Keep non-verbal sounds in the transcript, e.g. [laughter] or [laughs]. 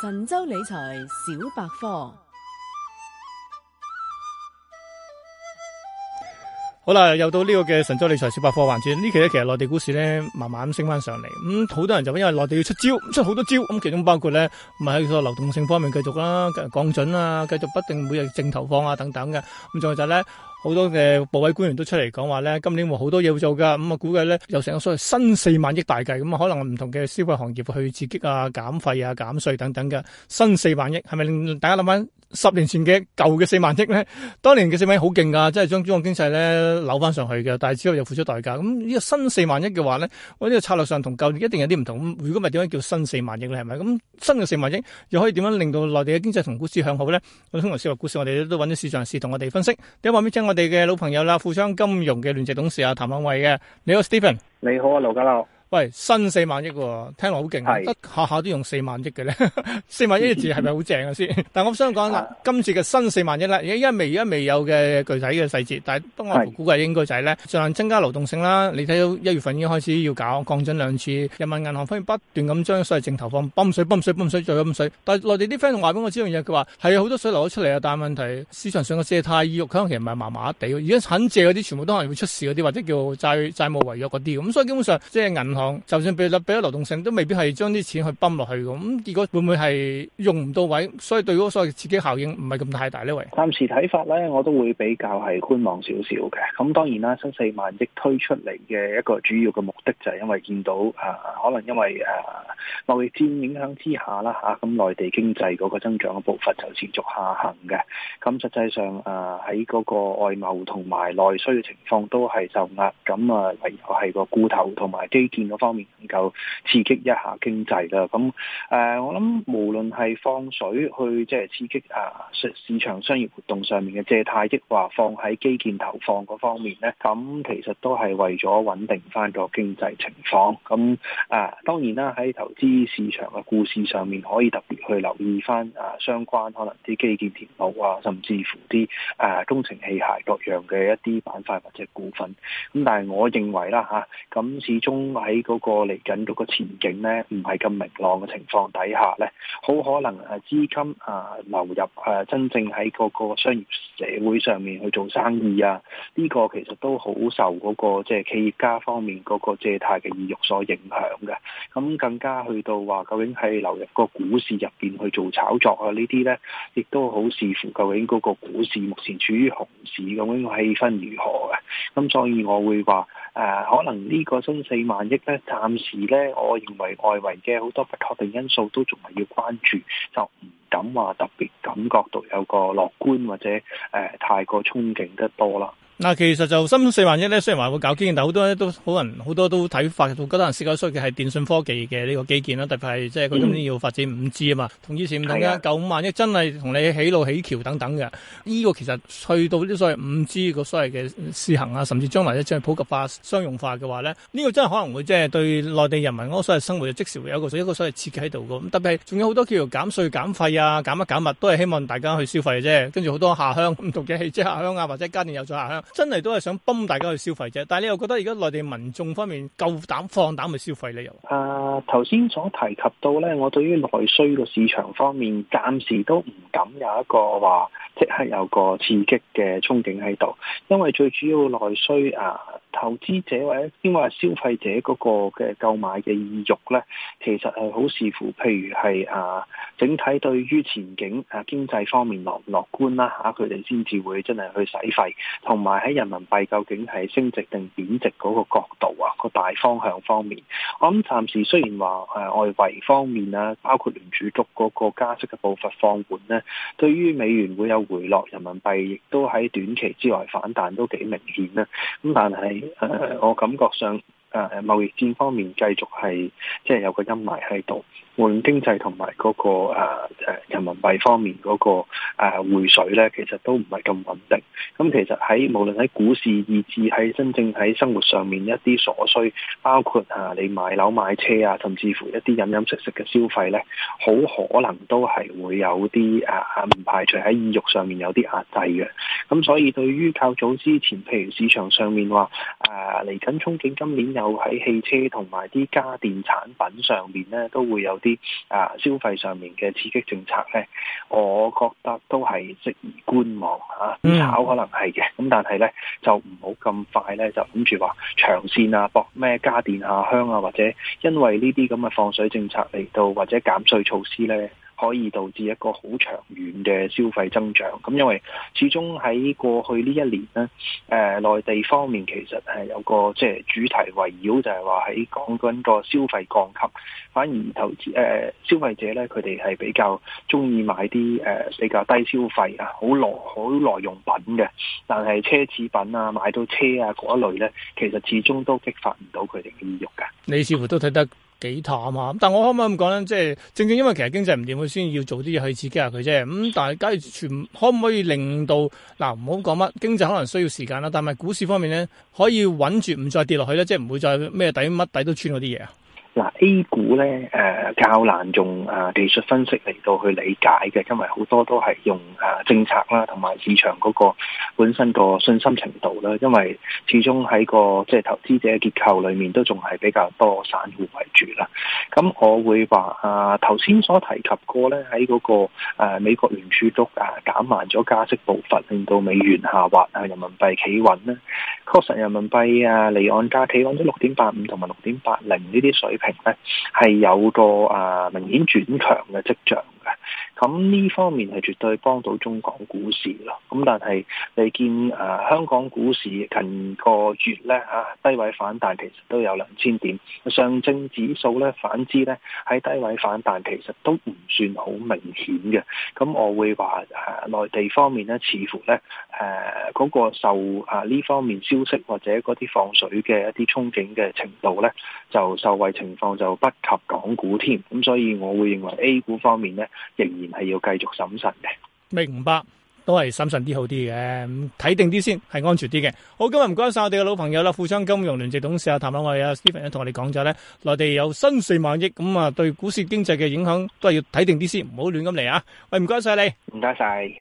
神州理財小百科，好啦，又到呢個嘅神州理財小百科環節。呢期咧，其實內地股市咧慢慢升翻上嚟，咁、嗯、好多人就因為內地要出招，出好多招，咁、嗯、其中包括咧，咪喺個流動性方面繼續啦，降準啊，繼續不定每日凈投放啊等等嘅，咁、嗯、仲有就係咧。好多嘅部委官員都出嚟講話咧，今年會好多嘢要做噶咁啊估計咧有成個所謂新四萬億大計，咁啊可能唔同嘅消費行業去刺激啊、減費啊、減稅等等嘅新四萬億，係咪令大家諗翻？十年前嘅舊嘅四萬億咧，當年嘅四萬億好勁噶，即係將中國經濟咧扭翻上去嘅，但係之後又付出代價。咁、嗯、呢、這個新四萬億嘅話咧，我呢個策略上同舊一定有啲唔同。如果咪點樣叫新四萬億咧係咪？咁、嗯、新嘅四萬億又可以點樣令到內地嘅經濟同股市向好咧？我哋通過《說說股市》，我哋都都揾啲市場士同我哋分析。咁話咩？請我哋嘅老朋友啦，富昌金融嘅聯席董事阿、啊、譚孟偉嘅，你好 Stephen，你好啊劉家樂。喂，新四萬億、哦，聽落好勁啊！是得下下都用四萬億嘅咧，四 [laughs] 萬億字係咪好正啊？先， [laughs] 但我想講啦，啊、今次嘅新四萬億咧，而家未，依家未有嘅具體嘅細節，但係不過估計應該就係、是、咧，儘是量增加流動性啦。你睇到一月份已經開始要搞降準兩次，人民銀行方面不斷咁將所謂淨投放，泵水、泵水、泵水再泵，泵，泵，泵，泵，泵水。但係內地啲 friend 話俾我知一樣嘢，佢話係好多水流咗出嚟啊，但係問題市場上嘅借貸意欲佢其實唔係麻麻地，而家肯借嗰啲全部都係會出事嗰啲，或者叫債債務違約嗰啲咁。所以基本上即係銀。就算俾俾咗流動性，都未必係將啲錢去泵落去嘅。咁、嗯、結果會唔會係用唔到位？所以對嗰個所謂刺激效應唔係咁太大呢，位暫時睇法咧，我都會比較係觀望少少嘅。咁、嗯、當然啦，新四萬億推出嚟嘅一個主要嘅目的就係因為見到啊，可能因為誒、啊、貿易戰影響之下啦嚇，咁、啊、內地經濟嗰個增長嘅步伐就持續下行嘅。咁、嗯、實際上誒喺嗰個外貿同埋內需嘅情況都係受壓。咁、嗯、啊，唯有係個固投同埋基建。方面能夠刺激一下經濟啦。咁誒、呃，我諗無論係放水去即係刺激啊市場商業活動上面嘅借貸，亦或放喺基建投放嗰方面呢，咁其實都係為咗穩定翻個經濟情況。咁誒、啊，當然啦，喺投資市場嘅故事上面，可以特別去留意翻啊相關可能啲基建鐵路啊，甚至乎啲誒、啊、工程器械各樣嘅一啲板塊或者股份。咁但係我認為啦吓，咁始終喺嗰個嚟緊嗰個前景咧，唔係咁明朗嘅情況底下咧，好可能誒資金啊、呃、流入誒、呃、真正喺嗰個商業社會上面去做生意啊，呢、呢個其實都好受嗰、嗰個即係企業家方面嗰個借貸嘅意欲所影響嘅。咁更加去到話，究竟係流入個股市入邊去做炒作啊？呢啲咧，亦都好視乎究竟嗰個股市目前處於熊市咁樣氣氛如何嘅、啊。咁所以，我會話誒、呃，可能呢個新四萬億。誒暫時咧，我認為外圍嘅好多不確定因素都仲係要關注，就唔敢話特別感覺到有個樂觀或者誒、呃、太過憧憬得多啦。嗱，其實就新四萬億咧，雖然話會搞基建，但好多咧都可能好多都睇法，覺得人思考衰嘅係電信科技嘅呢個基建啦，特別係即係佢今年要發展五 G 啊嘛，同以前唔同嘅。舊四萬億真係同你起路起橋等等嘅。呢、呢個其實去到啲所謂五 G 個所謂嘅試行啊，甚至將來即係真係普及化、商用化嘅話咧，呢、呢個真係可能會即係對內地人民嗰個所謂生活，就即時會有一個所謂設計喺度嘅。特別係仲有好多叫做減稅減費啊、減乜減物，都係希望大家去消費嘅啫。跟住好多下鄉唔同嘅汽車下鄉啊，或者家電有咗下鄉。真係都係想泵大家去消費啫，但係你又覺得而家內地民眾方面夠膽放膽去消費你又？啊，頭先所提及到咧，我對於內需個市場方面暫時都唔敢有一個話即刻有個刺激嘅憧憬喺度，因為最主要內需啊。投資者或者點話消費者嗰個嘅購買嘅意欲咧，其實係好視乎，譬如係啊，整體對於前景啊經濟方面樂唔樂觀啦嚇，佢哋先至會真係去使費，同埋喺人民幣究竟係升值定貶值嗰個角度啊，個大方向方面。我諗暫時雖然話誒、呃、外圍方面啊，包括聯儲局嗰個加息嘅步伐放緩咧，對於美元會有回落，人民幣亦都喺短期之內反彈都幾明顯啦。咁但係、呃、我感覺上。誒誒、啊、貿易戰方面繼續係即係有個陰霾喺度，無論經濟同埋嗰個誒、啊、人民幣方面嗰、那個誒匯、啊、水咧，其實都唔係咁穩定。咁、嗯、其實喺無論喺股市以至喺真正喺生活上面一啲所需，包括啊你買樓買車啊，甚至乎一啲飲飲食食嘅消費咧，好可能都係會有啲啊唔排除喺意欲上面有啲壓制嘅。咁、嗯、所以對於較早之前譬如市場上面話誒嚟緊憧憬今年有。喺汽車同埋啲家電產品上面咧，都會有啲啊消費上面嘅刺激政策咧，我覺得都係適宜觀望吓，炒可能係嘅，咁但係咧就唔好咁快咧就諗住話長線啊搏咩家電啊香啊，或者因為呢啲咁嘅放水政策嚟到或者減稅措施咧，可以導致一個好長遠嘅消費增長，咁因為始終喺過去呢一年咧，誒、呃、內地方面其實係有個即係主題圍繞，就係話喺講緊個消費降級，反而投資誒、呃、消費者咧，佢哋係比較鍾意買啲誒、呃、比較低消費啊，好耐好耐用品嘅，但係奢侈品啊，買到車啊嗰一類咧，其實始終都激發唔到佢哋嘅意欲㗎。你似乎都睇得幾淡啊！咁但係我可唔可以咁講咧？即係正正因為其實經濟唔掂，佢先要做啲嘢去刺激下佢啫。咁、嗯、但係假如全可唔可以令到嗱，唔好講乜經濟，可能需要時間啦。但係股市方面咧，可以穩住唔再跌落去咧，即係唔會再咩底乜底都穿嗰啲嘢啊？嗱 A 股咧，誒較難用誒技術分析嚟到去理解嘅，因為好多都係用誒政策啦，同埋市場個本身個信心程度啦，因為始終喺個即係、就是、投資者結構裏面都仲係比較多散戶為主啦。咁、嗯、我會話啊，頭先所提及過咧，喺嗰、那個、啊、美國聯儲局啊減慢咗加息步伐，令到美元下滑啊，人民幣企穩咧。確、啊、實，人民幣啊離岸價企穩喺六點八五同埋六點八零呢啲水平咧，係有個啊明顯轉強嘅跡象。咁呢方面係絕對幫到中港股市咯。咁但係你見誒香港股市近個月咧嚇低位反彈，其實都有兩千點。上證指數咧反之咧喺低位反彈，其實都唔算好明顯嘅。咁我會話誒內地方面咧，似乎咧誒嗰個受誒呢方面消息或者嗰啲放水嘅一啲憧憬嘅程度咧，就受惠情況就不及港股添。咁所以我會認為 A 股方面咧仍然，係要繼續審慎嘅，明白，都係審慎啲好啲嘅，睇定啲先係安全啲嘅。好，今日唔該晒我哋嘅老朋友啦，富昌金融聯席董事阿譚啊，我哋、啊、Stephen 同我哋講咗咧，內地有新四萬億，咁、嗯、啊對股市經濟嘅影響都係要睇定啲先，唔好亂咁嚟啊。喂，唔該晒你，唔該晒。